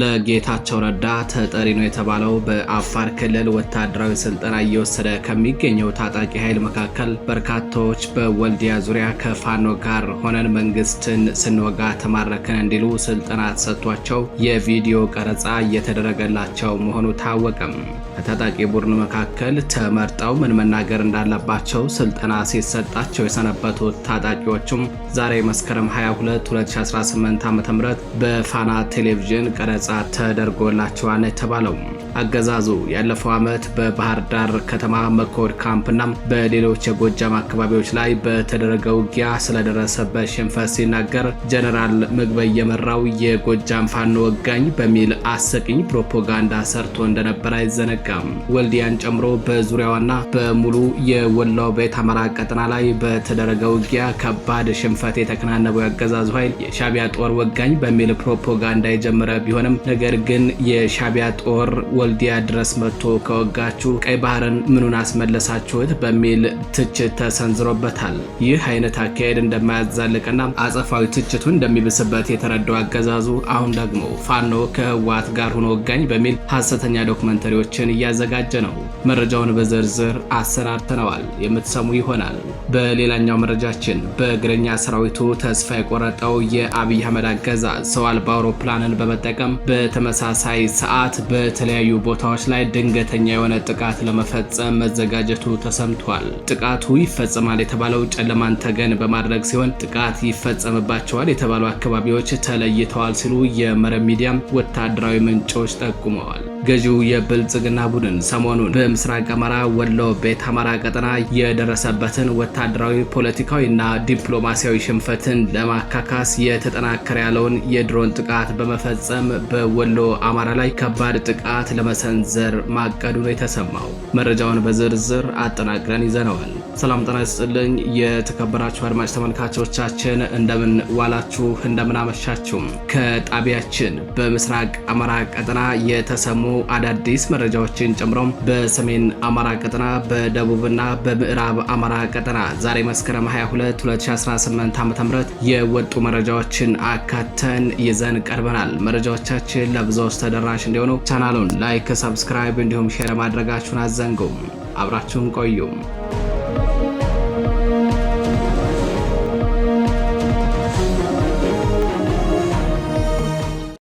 ለጌታቸው ረዳ ተጠሪ ነው የተባለው በአፋር ክልል ወታደራዊ ስልጠና እየወሰደ ከሚገኘው ታጣቂ ኃይል መካከል በርካታዎች በወልዲያ ዙሪያ ከፋኖ ጋር ሆነን መንግስትን ስንወጋ ተማረክን እንዲሉ ስልጠና ተሰጥቷቸው የቪዲዮ ቀረጻ እየተደረገላቸው መሆኑ ታወቀም። ከታጣቂ ቡድኑ መካከል ተመርጠው ምን መናገር እንዳለባቸው ስልጠና ሲሰጣቸው የሰነበቱ ታጣቂዎቹም ዛሬ መስከረም 22 2018 ም በፋና ቴሌቪዥን ቀረ ነጻ ተደርጎላቸዋል የተባለው አገዛዙ ያለፈው ዓመት በባህር ዳር ከተማ መኮድ ካምፕና በሌሎች የጎጃም አካባቢዎች ላይ በተደረገ ውጊያ ስለደረሰበት ሽንፈት ሲናገር ጀነራል ምግበ እየመራው የጎጃም ፋኖ ወጋኝ በሚል አሰቅኝ ፕሮፓጋንዳ ሰርቶ እንደነበር አይዘነጋም። ወልዲያን ጨምሮ በዙሪያዋና በሙሉ የወላው ቤት አማራ ቀጠና ላይ በተደረገ ውጊያ ከባድ ሽንፈት የተከናነበው ያገዛዙ ኃይል የሻቢያ ጦር ወጋኝ በሚል ፕሮፓጋንዳ የጀመረ ቢሆንም ቢሆንም ነገር ግን የሻቢያ ጦር ወልዲያ ድረስ መጥቶ ከወጋችሁ ቀይ ባህርን ምኑን አስመለሳችሁት በሚል ትችት ተሰንዝሮበታል። ይህ አይነት አካሄድ እንደማያዛልቅና አጸፋዊ ትችቱ እንደሚብስበት የተረዳው አገዛዙ አሁን ደግሞ ፋኖ ከህወሓት ጋር ሆኖ ወጋኝ በሚል ሀሰተኛ ዶክመንተሪዎችን እያዘጋጀ ነው። መረጃውን በዝርዝር አሰናድተነዋል የምትሰሙ ይሆናል። በሌላኛው መረጃችን በእግረኛ ሰራዊቱ ተስፋ የቆረጠው የአብይ አህመድ አገዛዝ ሰው አልባ አውሮፕላንን በመጠቀም በተመሳሳይ ሰዓት በተለያዩ ቦታዎች ላይ ድንገተኛ የሆነ ጥቃት ለመፈጸም መዘጋጀቱ ተሰምቷል። ጥቃቱ ይፈጸማል የተባለው ጨለማን ተገን በማድረግ ሲሆን ጥቃት ይፈጸምባቸዋል የተባሉ አካባቢዎች ተለይተዋል ሲሉ የመረብ ሚዲያም ወታደራዊ ምንጮች ጠቁመዋል። ገዢው የብልጽግና ቡድን ሰሞኑን በምስራቅ አማራ ወሎ ቤት አማራ ቀጠና የደረሰበትን ወታደራዊ ፖለቲካዊና ዲፕሎማሲያዊ ሽንፈትን ለማካካስ የተጠናከረ ያለውን የድሮን ጥቃት በመፈጸም በወሎ አማራ ላይ ከባድ ጥቃት ለመሰንዘር ማቀዱ ነው የተሰማው። መረጃውን በዝርዝር አጠናቅረን ይዘነዋል። ሰላም ጤና ይስጥልኝ። የተከበራችሁ አድማጭ ተመልካቾቻችን እንደምን ዋላችሁ፣ እንደምን አመሻችሁም ከጣቢያችን በምስራቅ አማራ ቀጠና የተሰሙ አዳዲስ መረጃዎችን ጨምሮ በሰሜን አማራ ቀጠና በደቡብና በምዕራብ አማራ ቀጠና ዛሬ መስከረም 22 2018 ዓ.ም የወጡ መረጃዎችን አካተን ይዘን ቀርበናል። መረጃዎቻችን ለብዙዎች ተደራሽ እንዲሆኑ ቻናሉን ላይክ፣ ሰብስክራይብ እንዲሁም ሼር ማድረጋችሁን አዘንጉም። አብራችሁን ቆዩም።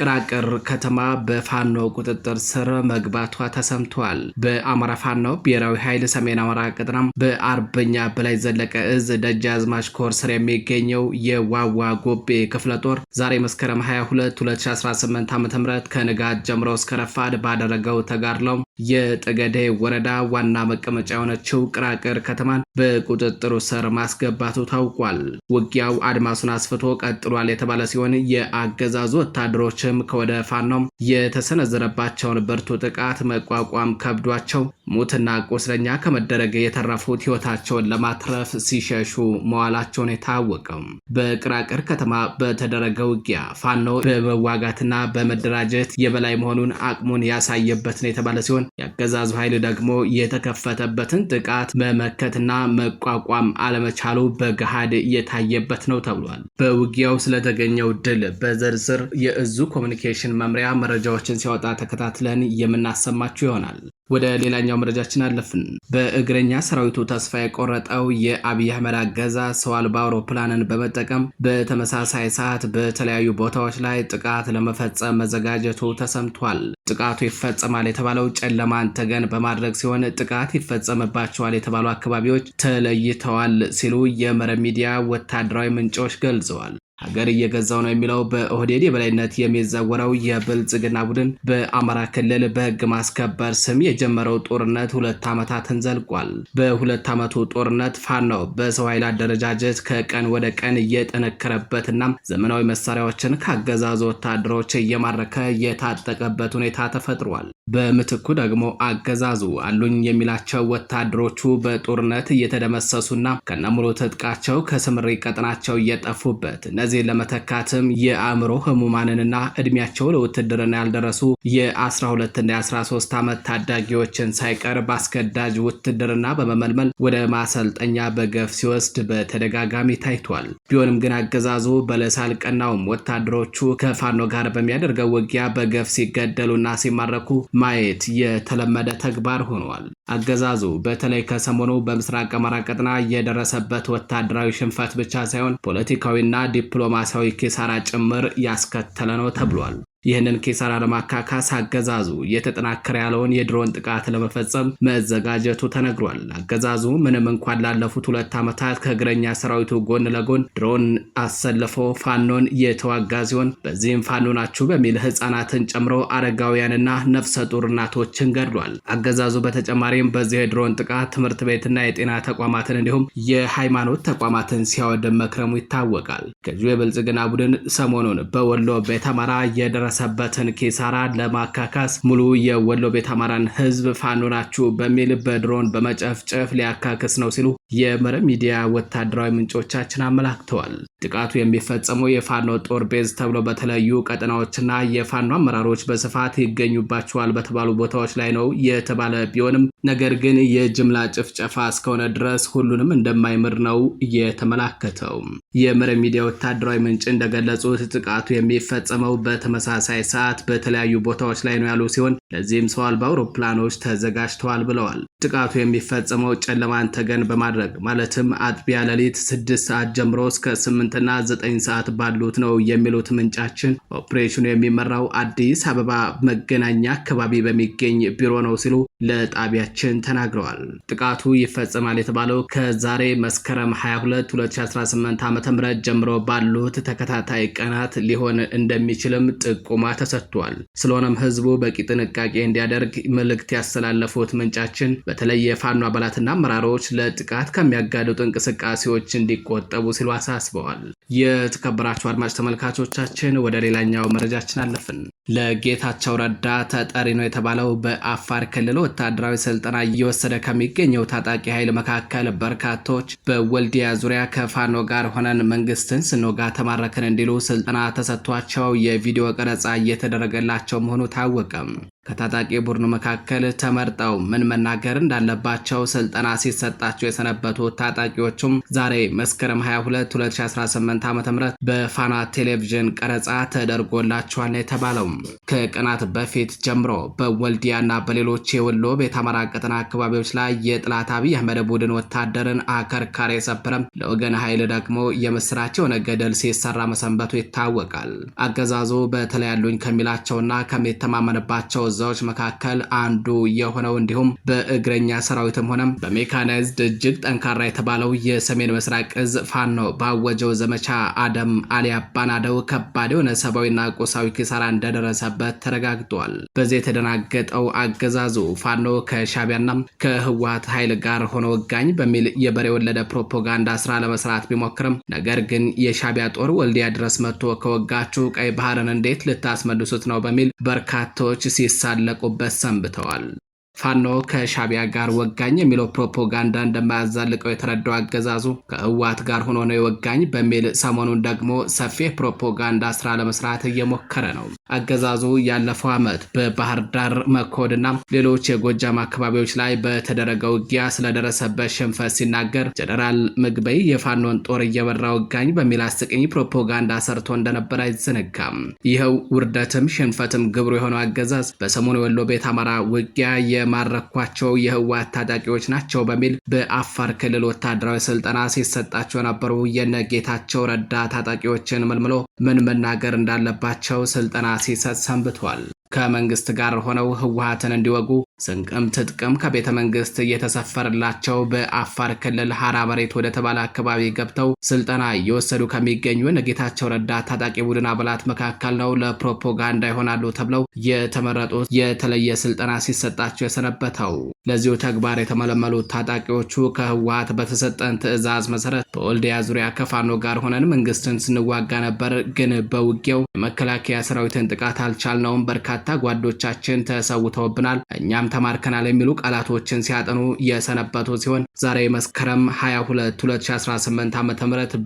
ቅራቅር ከተማ በፋኖ ቁጥጥር ስር መግባቷ ተሰምቷል። በአማራ ፋኖ ብሔራዊ ኃይል ሰሜን አማራ ቅጥና በአርበኛ በላይ ዘለቀ እዝ ደጃዝማች ኮር ስር የሚገኘው የዋዋ ጎቤ ክፍለ ጦር ዛሬ መስከረም 22 2018 ዓ ም ከንጋት ጀምሮ እስከ ረፋድ ባደረገው ተጋድለው የጠገዴ ወረዳ ዋና መቀመጫ የሆነችው ቅራቅር ከተማን በቁጥጥሩ ስር ማስገባቱ ታውቋል። ውጊያው አድማሱን አስፍቶ ቀጥሏል የተባለ ሲሆን የአገዛዙ ወታደሮችም ከወደ ፋኖም የተሰነዘረባቸውን ብርቱ ጥቃት መቋቋም ከብዷቸው ሙትና ቁስለኛ ከመደረግ የተረፉት ህይወታቸውን ለማትረፍ ሲሸሹ መዋላቸውን የታወቀም። በቅራቅር ከተማ በተደረገ ውጊያ ፋኖ በመዋጋትና በመደራጀት የበላይ መሆኑን አቅሙን ያሳየበት ነው የተባለ ሲሆን የአገዛዙ ኃይል ደግሞ የተከፈተበትን ጥቃት መመከትና መቋቋም አለመቻሉ በገሃድ የታየበት ነው ተብሏል። በውጊያው ስለተገኘው ድል በዝርዝር የእዙ ኮሚኒኬሽን መምሪያ መረጃዎችን ሲያወጣ ተከታትለን የምናሰማችሁ ይሆናል። ወደ ሌላኛው መረጃችን አለፍን። በእግረኛ ሰራዊቱ ተስፋ የቆረጠው የአብይ አህመድ አገዛ ሰው አልባ አውሮፕላንን በመጠቀም በተመሳሳይ ሰዓት በተለያዩ ቦታዎች ላይ ጥቃት ለመፈጸም መዘጋጀቱ ተሰምቷል። ጥቃቱ ይፈጸማል የተባለው ጨለማን ተገን በማድረግ ሲሆን ጥቃት ይፈጸምባቸዋል የተባሉ አካባቢዎች ተለይተዋል ሲሉ የመረብ ሚዲያ ወታደራዊ ምንጮች ገልጸዋል። ሀገር እየገዛው ነው የሚለው በኦህዴድ የበላይነት የሚዘወረው የብልጽግና ቡድን በአማራ ክልል በህግ ማስከበር ስም የጀመረው ጦርነት ሁለት ዓመታትን ዘልቋል። በሁለት ዓመቱ ጦርነት ፋኖ በሰው ኃይል አደረጃጀት ከቀን ወደ ቀን እየጠነከረበትና ዘመናዊ መሳሪያዎችን ካገዛዙ ወታደሮች እየማረከ የታጠቀበት ሁኔታ ተፈጥሯል። በምትኩ ደግሞ አገዛዙ አሉኝ የሚላቸው ወታደሮቹ በጦርነት እየተደመሰሱና ከነሙሉ ትጥቃቸው ከስምሪ ቀጠናቸው እየጠፉበት እነዚህ ለመተካትም የአእምሮ ህሙማንንና እድሜያቸው ለውትድርና ያልደረሱ የ12ና የ13 ዓመት ታዳጊዎችን ሳይቀር በአስገዳጅ ውትድርና በመመልመል ወደ ማሰልጠኛ በገፍ ሲወስድ በተደጋጋሚ ታይቷል። ቢሆንም ግን አገዛዙ በለሳ አልቀናውም። ወታደሮቹ ከፋኖ ጋር በሚያደርገው ውጊያ በገፍ ሲገደሉና ሲማረኩ ማየት የተለመደ ተግባር ሆኗል። አገዛዙ በተለይ ከሰሞኑ በምስራቅ አማራ ቀጠና የደረሰበት ወታደራዊ ሽንፈት ብቻ ሳይሆን ፖለቲካዊና ዲፕሎማሲያዊ ኪሳራ ጭምር ያስከተለ ነው ተብሏል። ይህንን ኪሳራ ለማካካስ አገዛዙ እየተጠናከረ ያለውን የድሮን ጥቃት ለመፈጸም መዘጋጀቱ ተነግሯል። አገዛዙ ምንም እንኳን ላለፉት ሁለት ዓመታት ከእግረኛ ሰራዊቱ ጎን ለጎን ድሮን አሰልፎ ፋኖን የተዋጋ ሲሆን በዚህም ፋኖ ናችሁ በሚል ህጻናትን ጨምሮ አረጋውያንና ነፍሰ ጡር እናቶችን ገድሏል። አገዛዙ በተጨማሪም በዚህ የድሮን ጥቃት ትምህርት ቤትና የጤና ተቋማትን እንዲሁም የሃይማኖት ተቋማትን ሲያወድም መክረሙ ይታወቃል። ከዚሁ የብልጽግና ቡድን ሰሞኑን በወሎ ቤተ አማራ የደረሰ የደረሰበትን ኪሳራ ለማካካስ ሙሉ የወሎ ቤት አማራን ህዝብ ፋኖ ናችሁ በሚል በድሮን በመጨፍጨፍ ሊያካክስ ነው ሲሉ የመረብ ሚዲያ ወታደራዊ ምንጮቻችን አመላክተዋል። ጥቃቱ የሚፈጸመው የፋኖ ጦር ቤዝ ተብሎ በተለያዩ ቀጠናዎችና የፋኖ አመራሮች በስፋት ይገኙባቸዋል በተባሉ ቦታዎች ላይ ነው የተባለ ቢሆንም ነገር ግን የጅምላ ጭፍጨፋ እስከሆነ ድረስ ሁሉንም እንደማይምር ነው የተመላከተው። የመረብ ሚዲያ ወታደራዊ ምንጭ እንደገለጹት ጥቃቱ የሚፈጸመው በተመሳሳይ ሰዓት በተለያዩ ቦታዎች ላይ ነው ያሉ ሲሆን ለዚህም ሰው አልባ አውሮፕላኖች ተዘጋጅተዋል ብለዋል። ጥቃቱ የሚፈጸመው ጨለማን ተገን በማድረግ ማለትም አጥቢያ ሌሊት ስድስት ሰዓት ጀምሮ እስከ ስምንትና ዘጠኝ ሰዓት ባሉት ነው የሚሉት ምንጫችን። ኦፕሬሽኑ የሚመራው አዲስ አበባ መገናኛ አካባቢ በሚገኝ ቢሮ ነው ሲሉ ለጣቢያችን ተናግረዋል። ጥቃቱ ይፈጸማል የተባለው ከዛሬ መስከረም 22 2018 ዓ ም ጀምሮ ባሉት ተከታታይ ቀናት ሊሆን እንደሚችልም ጥቆማ ተሰጥቷል። ስለሆነም ህዝቡ በቂ ጥንቃቄ እንዲያደርግ መልእክት ያስተላለፉት ምንጫችን በተለይ የፋኖ አባላትና አመራሮች ለጥቃት ከሚያጋልጡ እንቅስቃሴዎች እንዲቆጠቡ ሲሉ አሳስበዋል። የተከበራችሁ አድማጭ ተመልካቾቻችን ወደ ሌላኛው መረጃችን አለፍን። ለጌታቸው ረዳ ተጠሪ ነው የተባለው በአፋር ክልል ወታደራዊ ስልጠና እየወሰደ ከሚገኘው ታጣቂ ኃይል መካከል በርካቶች በወልዲያ ዙሪያ ከፋኖ ጋር ሆነን መንግስትን ስንወጋ ተማረክን እንዲሉ ስልጠና ተሰጥቷቸው የቪዲዮ ቀረጻ እየተደረገላቸው መሆኑ ታወቀም። ከታጣቂ ቡድኑ መካከል ተመርጠው ምን መናገር እንዳለባቸው ስልጠና ሲሰጣቸው የሰነበቱ ታጣቂዎቹም ዛሬ መስከረም 22 2018 ዓ ም በፋና ቴሌቪዥን ቀረጻ ተደርጎላቸዋል የተባለው ከቀናት በፊት ጀምሮ በወልዲያና በሌሎች የወሎ ቤት አማራ ቀጠና አካባቢዎች ላይ የጥላት አብይ አህመድ ቡድን ወታደርን አከርካሪ የሰበረም ለወገን ኃይል ደግሞ የምስራቸው ገደል ሲሰራ መሰንበቱ ይታወቃል። አገዛዙ በተለያሉኝ ከሚላቸውና ከሚተማመንባቸው እዛዎች መካከል አንዱ የሆነው እንዲሁም በእግረኛ ሰራዊትም ሆነም በሜካናይዝድ እጅግ ጠንካራ የተባለው የሰሜን ምስራቅ እዝ ፋኖ ባወጀው ዘመቻ አደም አሊያባናደው ከባድ የሆነ ሰብአዊና ቁሳዊ ኪሳራ እንደደረሰ እንዳለበት ተረጋግጧል። በዚህ የተደናገጠው አገዛዙ ፋኖ ከሻቢያና ከህወሀት ኃይል ጋር ሆኖ ወጋኝ በሚል የበሬ ወለደ ፕሮፓጋንዳ ስራ ለመስራት ቢሞክርም ነገር ግን የሻቢያ ጦር ወልዲያ ድረስ መጥቶ ከወጋችሁ ቀይ ባህርን እንዴት ልታስመልሱት ነው በሚል በርካቶች ሲሳለቁበት ሰንብተዋል። ፋኖ ከሻቢያ ጋር ወጋኝ የሚለው ፕሮፓጋንዳ እንደማያዛልቀው የተረዳው አገዛዙ ከህወሓት ጋር ሆኖ ነው የወጋኝ በሚል ሰሞኑን ደግሞ ሰፊ ፕሮፓጋንዳ ስራ ለመስራት እየሞከረ ነው። አገዛዙ ያለፈው ዓመት በባህር ዳር መኮድና ሌሎች የጎጃም አካባቢዎች ላይ በተደረገ ውጊያ ስለደረሰበት ሽንፈት ሲናገር ጀነራል ምግበይ የፋኖን ጦር እየበራ ወጋኝ በሚል አስቂኝ ፕሮፓጋንዳ ሰርቶ እንደነበር አይዘነጋም። ይኸው ውርደትም ሽንፈትም ግብሩ የሆነው አገዛዝ በሰሞኑ የወሎ ቤት አማራ ውጊያ የማረኳቸው የህወሓት ታጣቂዎች ናቸው በሚል በአፋር ክልል ወታደራዊ ስልጠና ሲሰጣቸው የነበሩ የነጌታቸው ረዳ ታጣቂዎችን መልምሎ ምን መናገር እንዳለባቸው ስልጠና ሲሰጥ ሰንብቷል። ከመንግስት ጋር ሆነው ህወሓትን እንዲወጉ ስንቅም ትጥቅም ከቤተ መንግስት የተሰፈረላቸው በአፋር ክልል ሀራ መሬት ወደ ተባለ አካባቢ ገብተው ስልጠና እየወሰዱ ከሚገኙ የጌታቸው ረዳ ታጣቂ ቡድን አባላት መካከል ነው ለፕሮፓጋንዳ ይሆናሉ ተብለው የተመረጡት የተለየ ስልጠና ሲሰጣቸው የሰነበተው። ለዚሁ ተግባር የተመለመሉ ታጣቂዎቹ ከህወሀት በተሰጠን ትዕዛዝ መሰረት በወልዲያ ዙሪያ ከፋኖ ጋር ሆነን መንግስትን ስንዋጋ ነበር። ግን በውጊያው የመከላከያ ሰራዊትን ጥቃት አልቻልነውም። በርካታ ጓዶቻችን ተሰውተውብናል፣ እኛም ተማርከናል የሚሉ ቃላቶችን ሲያጠኑ የሰነበቱ ሲሆን ዛሬ መስከረም 22 2018 ዓ ም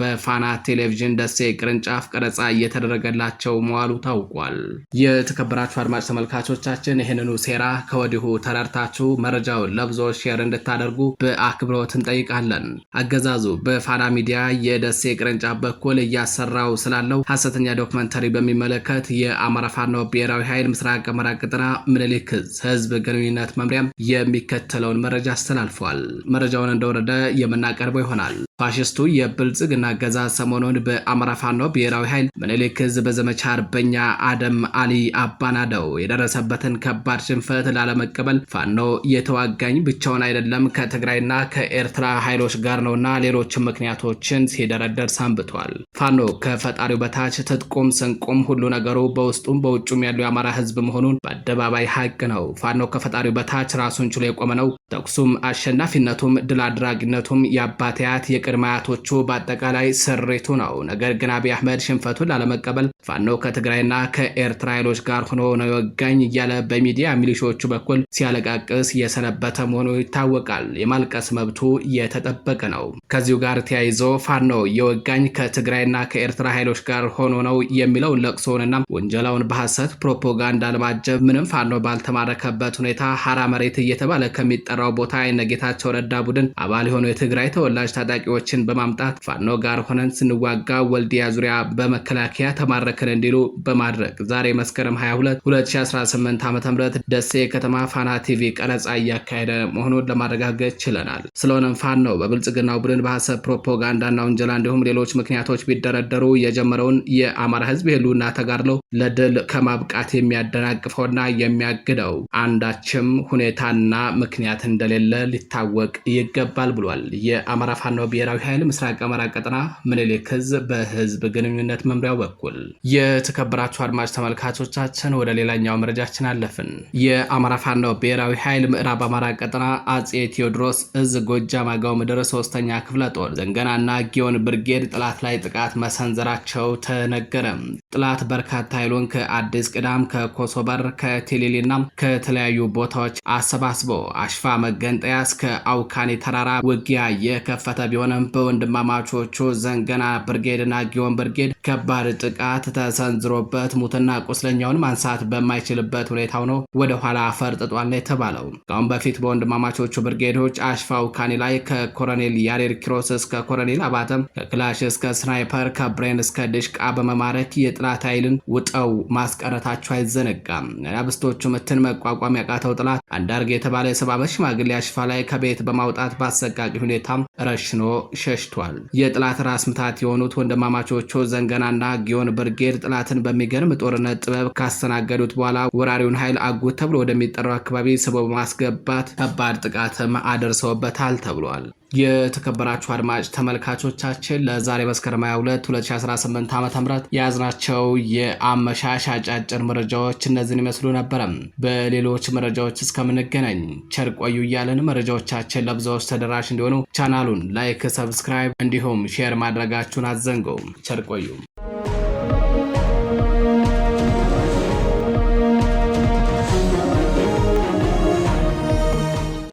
በፋና ቴሌቪዥን ደሴ ቅርንጫፍ ቀረጻ እየተደረገላቸው መዋሉ ታውቋል። የተከበራችሁ አድማጭ ተመልካቾቻችን ይህንኑ ሴራ ከወዲሁ ተረድታችሁ መረጃ መረጃውን ለብዙዎች ሼር እንድታደርጉ በአክብሮት እንጠይቃለን። አገዛዙ በፋና ሚዲያ የደሴ ቅርንጫፍ በኩል እያሰራው ስላለው ሀሰተኛ ዶክመንተሪ በሚመለከት የአማራ ፋኖ ብሔራዊ ኃይል ምስራቅ አማራ ቅጥና ምኒልክ ህዝብ ግንኙነት መምሪያም የሚከተለውን መረጃ አስተላልፏል። መረጃውን እንደወረደ የምናቀርበው ይሆናል። ፋሽስቱ የብልጽግና አገዛዝ ሰሞኑን በአማራ ፋኖ ብሔራዊ ኃይል ምኒልክ በዘመቻ አርበኛ አደም አሊ አባናደው የደረሰበትን ከባድ ሽንፈት ላለመቀበል ፋኖ የተዋ ተዋጋኝ ብቻውን አይደለም ከትግራይና ከኤርትራ ኃይሎች ጋር ነውና ሌሎችም ምክንያቶችን ሲደረደር ሰንብቷል። ፋኖ ከፈጣሪው በታች ትጥቁም ስንቁም ሁሉ ነገሩ በውስጡም በውጩም ያለው የአማራ ህዝብ መሆኑን በአደባባይ ሀቅ ነው። ፋኖ ከፈጣሪው በታች ራሱን ችሎ የቆመ ነው። ተኩሱም አሸናፊነቱም ድል አድራጊነቱም የአባት አያት የቅድመ አያቶቹ በአጠቃላይ ስሪቱ ነው። ነገር ግን አብይ አህመድ ሽንፈቱን ላለመቀበል ፋኖ ከትግራይና ከኤርትራ ኃይሎች ጋር ሆኖ ነው የወጋኝ እያለ በሚዲያ ሚሊሾቹ በኩል ሲያለቃቅስ የሰ እየሰነበተ መሆኑ ይታወቃል። የማልቀስ መብቱ የተጠበቀ ነው። ከዚሁ ጋር ተያይዞ ፋኖ የወጋኝ ከትግራይና ከኤርትራ ኃይሎች ጋር ሆኖ ነው የሚለውን ለቅሶውንና ወንጀላውን በሐሰት ፕሮፓጋንዳ ለማጀብ ምንም ፋኖ ባልተማረከበት ሁኔታ ሀራ መሬት እየተባለ ከሚጠራው ቦታ የነጌታቸው ረዳ ቡድን አባል የሆኑ የትግራይ ተወላጅ ታጣቂዎችን በማምጣት ፋኖ ጋር ሆነን ስንዋጋ ወልዲያ ዙሪያ በመከላከያ ተማረክን እንዲሉ በማድረግ ዛሬ መስከረም 22 2018 ዓ ም ደሴ ከተማ ፋና ቲቪ ቀረጻ እያካሄደ መሆኑን ለማረጋገጥ ችለናል። ስለሆነም ፋኖ ነው በብልጽግናው ቡድን በሐሰብ ፕሮፓጋንዳና ውንጀላ እንዲሁም ሌሎች ምክንያቶች ቢደረደሩ የጀመረውን የአማራ ህዝብ የህልውና ተጋድሎ ለድል ከማብቃት የሚያደናቅፈውና የሚያግደው አንዳችም ሁኔታና ምክንያት እንደሌለ ሊታወቅ ይገባል ብሏል። የአማራ ፋኖ ብሔራዊ ኃይል ምስራቅ አማራ ቀጠና ምኒልክ ዕዝ በህዝብ ግንኙነት መምሪያው በኩል የተከበራችሁ አድማጭ ተመልካቾቻችን ወደ ሌላኛው መረጃችን አለፍን። የአማራ ፋኖ ብሔራዊ ኃይል ምዕራብ በአማራ ቀጠና አጼ ቴዎድሮስ እዝ ጎጃም አገው ምድር ሶስተኛ ክፍለ ጦር ዘንገናና ጊዮን ብርጌድ ጥላት ላይ ጥቃት መሰንዘራቸው ተነገረ። ጥላት በርካታ ኃይሉን ከአዲስ ቅዳም፣ ከኮሶበር፣ ከቴሌሌና ከተለያዩ ቦታዎች አሰባስቦ አሽፋ መገንጠያ እስከ አውካኔ ተራራ ውጊያ የከፈተ ቢሆንም በወንድማማቾቹ ዘንገና ብርጌድና ጊዮን ብርጌድ ከባድ ጥቃት ተሰንዝሮበት ሙትና ቁስለኛውን ማንሳት በማይችልበት ሁኔታ ሆኖ ወደ ኋላ ፈርጥጧል የተባለው በፊት በወንድማማቾቹ ብርጌዶች አሽፋው ካኒ ላይ ከኮሎኔል ያሬድ ኪሮስ እስከ ኮሎኔል አባተም ከክላሽ እስከ ስናይፐር ከብሬን እስከ ድሽቃ በመማረክ የጥላት ኃይልን ውጠው ማስቀረታቸው አይዘነጋም። አብስቶቹ ምትን መቋቋም ያቃተው ጥላት አንዳርግ የተባለ የሰባበት ሽማግሌ አሽፋ ላይ ከቤት በማውጣት በአሰቃቂ ሁኔታም ረሽኖ ሸሽቷል። የጥላት ራስ ምታት የሆኑት ወንድማማቾቹ ዘንገናና ጊዮን ብርጌድ ጥላትን በሚገርም ጦርነት ጥበብ ካስተናገዱት በኋላ ወራሪውን ኃይል አጉት ተብሎ ወደሚጠራው አካባቢ ስቦ በማስገብ በመገንባት ከባድ ጥቃትም አደርሰውበታል ተብሏል። የተከበራችሁ አድማጭ ተመልካቾቻችን ለዛሬ መስከረም 22 2018 ዓ ም የያዝናቸው የአመሻሽ አጫጭር መረጃዎች እነዚህን ይመስሉ ነበረ። በሌሎች መረጃዎች እስከምንገናኝ ቸር ቆዩ እያለን መረጃዎቻችን ለብዙዎች ተደራሽ እንዲሆኑ ቻናሉን ላይክ፣ ሰብስክራይብ እንዲሁም ሼር ማድረጋችሁን አትዘንገው። ቸር ቆዩ።